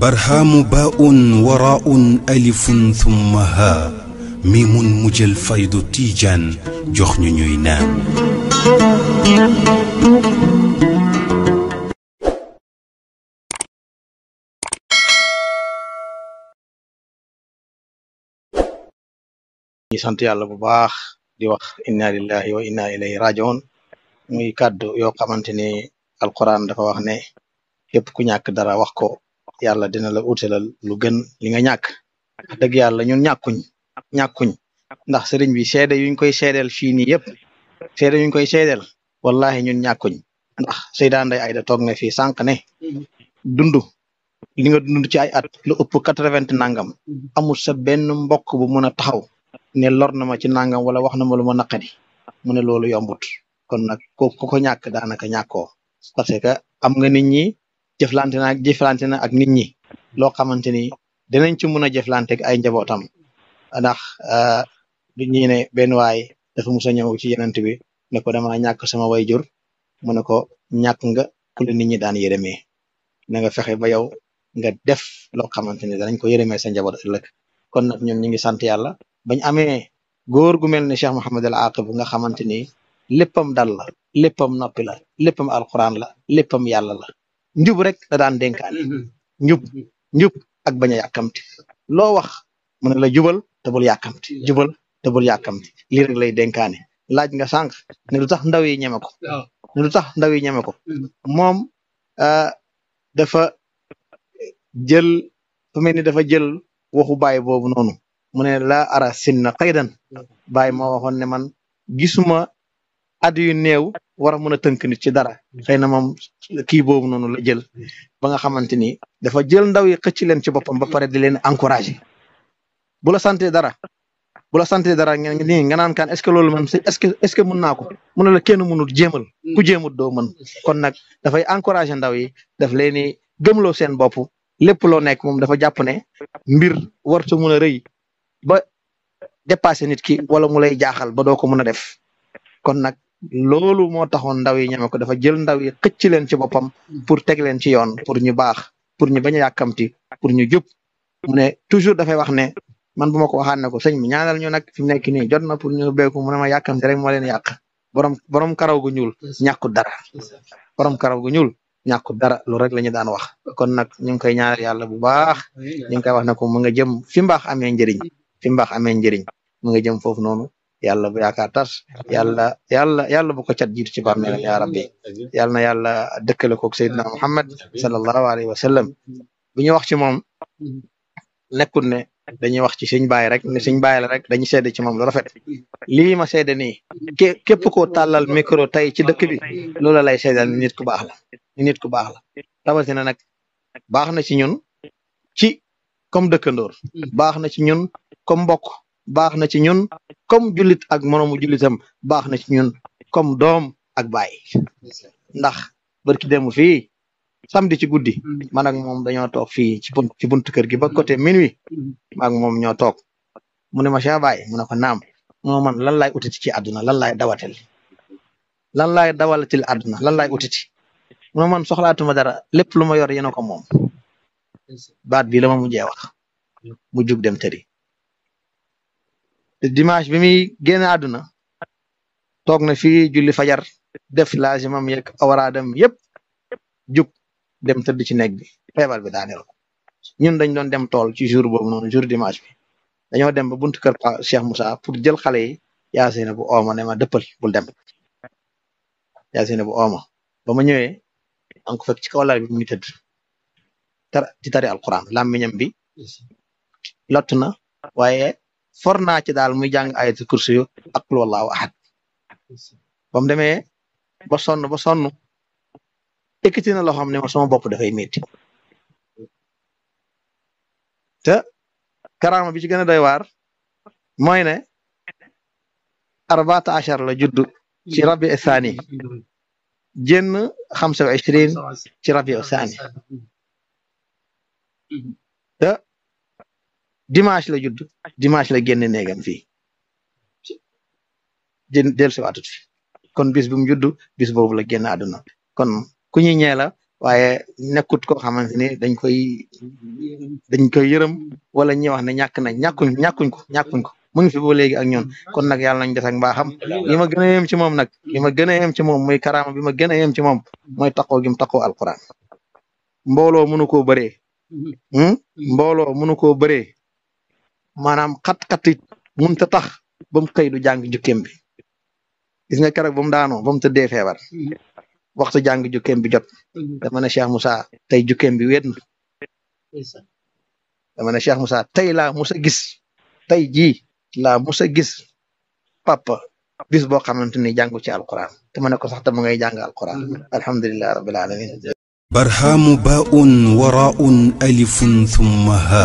barhaamu baun waraun alifun thumma ha mi mun faydu tiijaan jox ñu ñuy naan ñi sant yàlla bu baax di wax inna lillahi wa inna ilayhi rajiun muy kàddu yoo xamante ni alquran dafa wax ne képp ku ñàkk dara wax ko yàlla dina la utalal lu gën li nga ñàkk dëgg yàlla ñun ñàkkuñ ñàkkuñ ndax sëriñ bi seede yuñ koy seedeel fii nii yëpp seede yuñ koy seedeel wallahi ñun ñàkkuñ ndax Seyda Ndeye Aida toog na fii sànq ne dund li nga dund ci ay at lu ëpp quatre-vingt nangam amul sa benn mbokk bu mun a taxaw ne lor na ma ci nangam wala wax na ma lu ma naqadi mu ne loolu yombut kon nag ko ko daanaka ñàkkoo parce que am nga jëflante na jëflante na ak nit ñi loo xamante ni dinañ ci mun a jëflante ay njabootam ndax euh, du ñu ne benn waay dafa musa a ñëw ci yenent bi ne ko dama ñàkk sama wayjur mu ne ko ñàkk nga ku la ñi daan yërëmee na nga fexe ba yow nga def loo xamante ni danañ ko yërëmee sa njaboot ëllëg kon nag ñun ñu ngi sant yàlla bañ amee góor gu mel ni Cheikh Mouhamed al Aqib nga xamante ni léppam dal la léppam noppi la léppam alquran la léppam yàlla la njub rek la daan dénkaane mhm. mhm. njub ak bañ a yàkkamti loo wax mu la jubal te bul jubal te bul yàkkamti lii rek lay dénkaane laaj nga sànq ne lu tax ndaw yi ñeme ko ne tax ndaw yi ñeme ko mm. moom ah, dafa jël fu mel ni dafa jël waxu baay boobu noonu mu ne la ara sinna xëy dan baay moo man gisuma at yu néew war a mën a tënk nit ci dara mm. xëy na moom kii boobu noonu la jël mm. ba nga xamante ni dafa jël ndaw yi xëcc leen ci boppam ba pare di leen encouragé bu la sante dara bu la sante dara ngeen nii nga naan kaan est ce que loolu man est ce que est ce que ko mu ne kenn mënul jéemal mm. ku jéemut doo kon nag dafay encouragé ndaw yi daf leen ni gëmloo seen bopp lépp loo nekk dafa jàpp ne mbir wartu mën a rëy ba dépassé nit ki wala mu lay jaaxal ba doo ko mën a def kon loolu moo taxoon ndaw yi ñeme ko dafa jël ndaw yi xëcc leen ci boppam pour teg leen ci yoon pour ñu baax pour ñu bañ a yàkkamti pour ñu jub mu toujours dafay wax ne man bu ma ko waxaan ne ko sëñ bi ñaanal ñu nag fi mu nekk nii jot na pour ñu beeku mu ne ma yàkkamti rek moo leen yàq borom borom karaw gu ñuul ñàkkut dara borom karaw gu ñuul ñàkkut dara lu rek la ñu daan wax kon nag ñu ngi koy ñaanal yàlla bu baax ñu ngi koy wax ne ko mu nga jëm fi mbaax amee njëriñ fi mbaax amee njëriñ mu nga jëm foofu noonu yàlla bu yaakaar tas yàlla yàlla yàlla bu ko cat jiitu ci bàmmeelam yaa rabbi yàlla na yàlla dëkkale koog Seydina Muhammad sallallahu alayhi wa sallam bu ñu wax ci moom nekkul ne dañuy wax ci suñ baay rek ne suñ baay la rek dañuy seede ci moom lu rafet lii ma seede nii képp koo tàllal micro tey ci dëkk bi loola lay seedal ni nit ku baax la ni nit ku baax la rawatina nag baax na ci ñun ci comme dëkkandoor hmm. baax na ci ñun comme baax na ci ñun comme julit ak monomu julitam baax na ci ñun comme dom ak bay ndax barki dem fi samedi ci guddii man ak mom dañoo tok fi ci buntu ci buntu kër gi ba côté minuit mak mom ñoo tok mu ne ma sha bay mu ne ko naam mo man lan lay utiti ci aduna lan lay dawatel lan lay dawalatil aduna lan lay ci mu man soxlaatuma dara lepp luma yor yena ko mom baat bi la ma wax mu jug dem tëri dimanche bi muy génn àdduna toog na fii julli fajar def laazimam yeeg awaraadam yépp jug dem tëdd ci nekk bi feebar bi daaneel ko ñun dañ doon dem tool ci jour boobu noonu jour dimanche bi dañoo dem ba buntu kër pa Cheikh Moussa pour jël xale yi bu ooma ne ma dëppal bul dem yaasina bu ooma ba ma ñëwee an ko fekk ci kaw lal bi mu ngi tëdd tar ci tari alquran làmmiñam bi lott na waaye for naa ci daal muy jàng ayatul kursi yu ak qul ba mu demee ba sonn ba sonn ekkiti na loo xam ne ma sama bopp dafay te karaama bi ci gën a doy waar mooy ne arbaata la judd ci rabi jenn xamsa wa ishrin ci rabi te dimanche la judd dimanche la génn néegam fii del si waatut kon bis bu mu judd bis boobu la génn àdduna kon ku ñu ñee la waaye nekkut koo xamante ni dañ koy dañ koy yërëm wala ñi wax ne ñàkk nañ ñàkkuñ ñàkkuñ ko ñàkkuñ ko mu ngi fi léegi ak ñoon kon nag yàlla nañ des ak mbaaxam li ma gën a yem ci moom nag li ma gën a yem ci moom muy karaama bi ma gën a yem ci moom mooy taqoo gi mu taqoo alquran mbooloo mënu koo bëree hmm? mbooloo mënu koo bëree maanaam xat-xat it mënut tax ba mu xëy du bi gis nga keroog ba mu daanoo ba mu tëddee feebar waxtu jàng jukkeem bi jot dama ne Cheikh Moussa tey jukkeem bi wéet na dama ne Cheikh Moussa tey laa mus gis tey jii laa musa gis papa bis boo xamante ni jàngu ci alquran te ma ne ko sax te ma ngay jàng alquran alhamdulilah rabbil alamin barhamu baun waraun alifun thumma ha